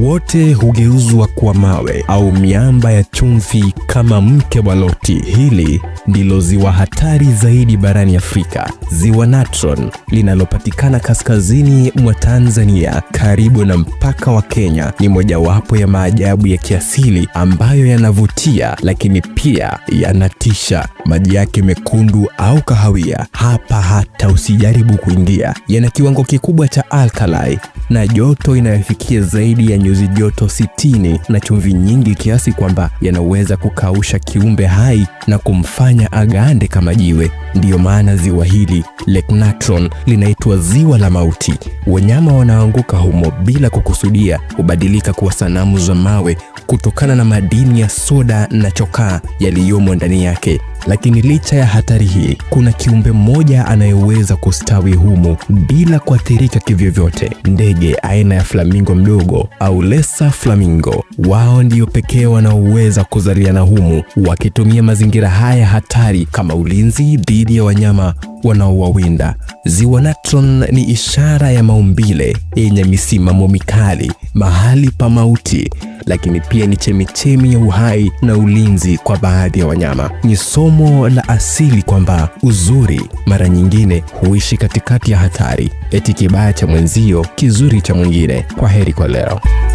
wote hugeuzwa kwa mawe au miamba ya chumvi kama mke wa Loti. Hili ndilo ziwa hatari zaidi barani Afrika, ziwa Natron linalopatikana kaskazini mwa Tanzania karibu na mpaka wa Kenya. Ni mojawapo ya maajabu ya kiasili ambayo yanavutia, lakini pia yanatisha. Maji yake mekundu au kahawia, hapa hata usijaribu kuingia. Yana kiwango kikubwa cha alkali na joto inayofikia zaidi ya nyuzi joto 60 na chumvi nyingi kiasi kwamba yanaweza kukausha kiumbe hai na kumfanya agande kama jiwe. Ndiyo maana ziwa hili Lake Natron linaitwa ziwa la mauti. Wanyama wanaoanguka humo bila kukusudia hubadilika kuwa sanamu za mawe kutokana na madini ya soda na chokaa yaliyomo ndani yake. Lakini licha ya hatari hii, kuna kiumbe mmoja anayeweza kustawi humu bila kuathirika kivyovyote: ndege aina ya flamingo mdogo au lesa flamingo. Wao ndio pekee wanaoweza kuzaliana humu, wakitumia mazingira haya hatari kama ulinzi dhidi ya wanyama wanaowawinda. Ziwa Natron ni ishara ya maumbile yenye misimamo mikali, mahali pa mauti lakini pia ni chemichemi ya uhai na ulinzi kwa baadhi ya wanyama. Ni somo la asili kwamba uzuri mara nyingine huishi katikati ya hatari, eti kibaya cha mwenzio, kizuri cha mwingine. Kwa heri kwa leo.